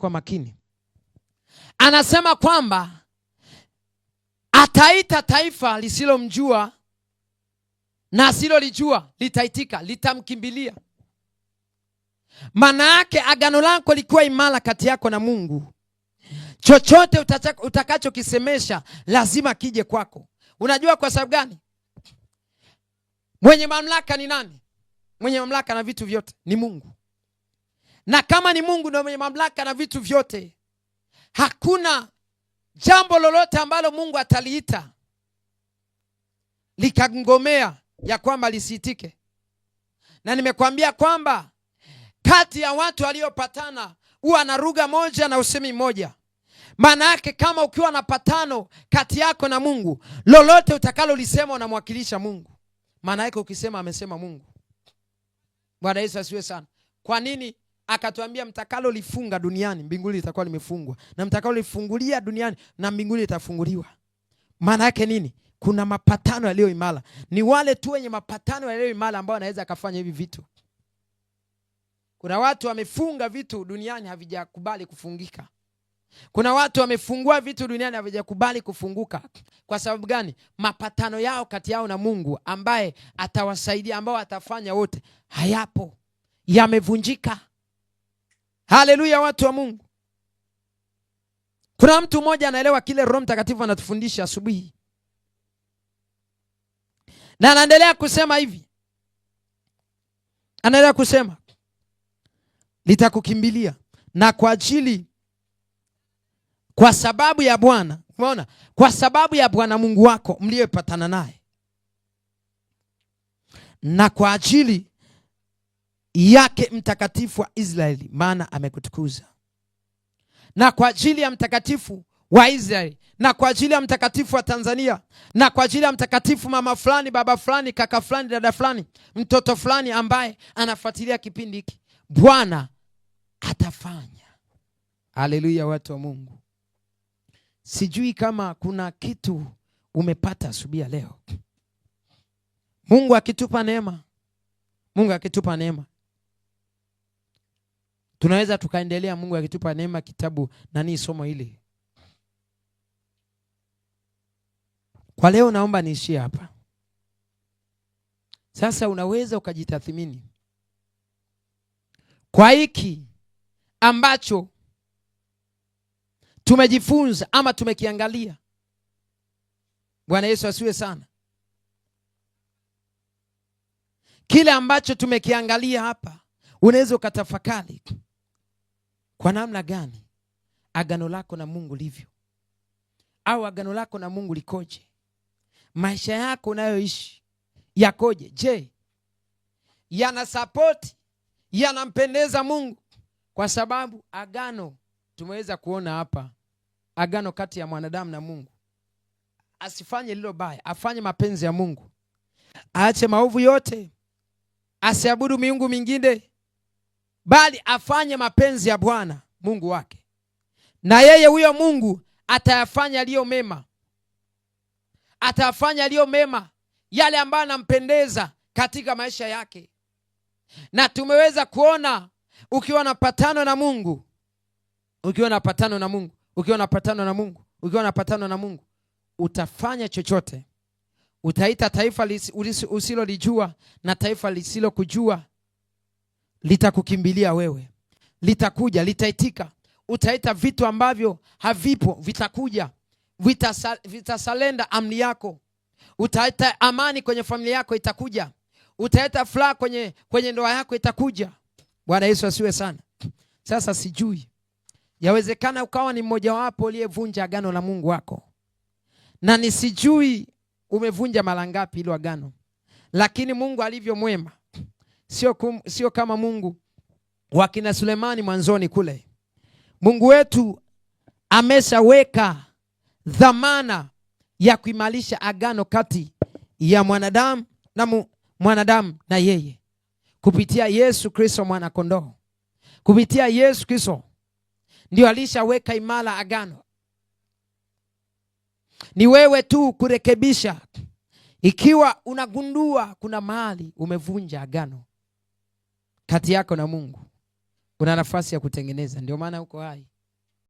Kwa makini anasema kwamba ataita taifa lisilomjua na asilolijua litaitika, litamkimbilia. Maana yake agano lako likiwa imara kati yako na Mungu, chochote utakachokisemesha lazima kije kwako. Unajua kwa sababu gani? Mwenye mamlaka ni nani? Mwenye mamlaka na vitu vyote ni Mungu na kama ni Mungu ndio mwenye mamlaka na vitu vyote, hakuna jambo lolote ambalo Mungu ataliita likangomea ya kwamba lisiitike. Na nimekwambia kwamba kati ya watu waliopatana huwa na rugha moja na usemi mmoja. Maana yake kama ukiwa na patano kati yako na Mungu, lolote utakalolisema unamwakilisha Mungu. Maana yake ukisema amesema Mungu. Bwana Yesu asiwe sana. Kwa nini? akatuambia mtakalolifunga duniani mbinguni litakuwa limefungwa na mtakalolifungulia duniani na mbinguni litafunguliwa. Maana yake nini? Kuna mapatano yaliyo imara. Ni wale tu wenye mapatano yaliyo imara ambao wanaweza akafanya hivi vitu. Kuna watu wamefunga vitu duniani havijakubali kufungika. Kuna watu wamefungua vitu duniani havijakubali kufunguka. Kwa sababu gani? Mapatano yao kati yao na Mungu ambaye atawasaidia, ambao atafanya wote, hayapo, yamevunjika. Haleluya, watu wa Mungu. Kuna mtu mmoja anaelewa kile Roho Mtakatifu anatufundisha asubuhi, na anaendelea kusema hivi, anaendelea kusema litakukimbilia na kwa ajili, kwa sababu ya Bwana. Umeona, kwa sababu ya Bwana Mungu wako mliyepatana naye, na kwa ajili yake mtakatifu wa Israeli, maana amekutukuza. Na kwa ajili ya mtakatifu wa Israeli na kwa ajili ya mtakatifu wa Tanzania na kwa ajili ya mtakatifu mama fulani, baba fulani, kaka fulani, dada fulani, mtoto fulani ambaye anafuatilia kipindi hiki, Bwana atafanya. Haleluya, watu wa Mungu. Sijui kama kuna kitu umepata asubuhi ya leo. Mungu akitupa neema, Mungu akitupa neema, Tunaweza tukaendelea Mungu akitupa neema kitabu nani somo hili. Kwa leo naomba niishie hapa. Sasa unaweza ukajitathmini kwa hiki ambacho tumejifunza ama tumekiangalia. Bwana Yesu asiwe sana. Kile ambacho tumekiangalia hapa, unaweza ukatafakari kwa namna gani agano lako na Mungu livyo, au agano lako na Mungu likoje? Maisha yako unayoishi yakoje? Je, yanasapoti yanampendeza Mungu? Kwa sababu agano tumeweza kuona hapa, agano kati ya mwanadamu na Mungu, asifanye lilo baya, afanye mapenzi ya Mungu, aache maovu yote, asiabudu miungu mingine bali afanye mapenzi ya Bwana Mungu wake, na yeye huyo Mungu atayafanya yaliyo mema, atayafanya yaliyo mema, yale ambayo anampendeza katika maisha yake. Na tumeweza kuona ukiwa na patano na Mungu, ukiwa na patano na Mungu, ukiwa na patano na Mungu, ukiwa na patano na Mungu, utafanya chochote. Utaita taifa usilolijua na taifa lisilokujua litakukimbilia wewe, litakuja, litaitika. Utaita vitu ambavyo havipo, vitakuja, vitasalenda amri yako. Utaita amani kwenye familia yako, itakuja. Utaita furaha kwenye, kwenye ndoa yako, itakuja. Bwana Yesu asiwe sana. Sasa sijui, yawezekana ukawa ni mmojawapo uliyevunja agano la Mungu wako, na ni sijui umevunja mara ngapi hilo agano, lakini Mungu alivyo mwema sio, kum, sio kama Mungu wakina Sulemani mwanzoni kule. Mungu wetu ameshaweka dhamana ya kuimarisha agano kati ya mwanadamu na mu, mwanadamu na yeye kupitia Yesu Kristo mwana kondoo. Kupitia Yesu Kristo ndio alishaweka imara agano. Ni wewe tu kurekebisha ikiwa unagundua kuna mahali umevunja agano kati yako na Mungu. Una nafasi ya kutengeneza, ndio maana uko hai.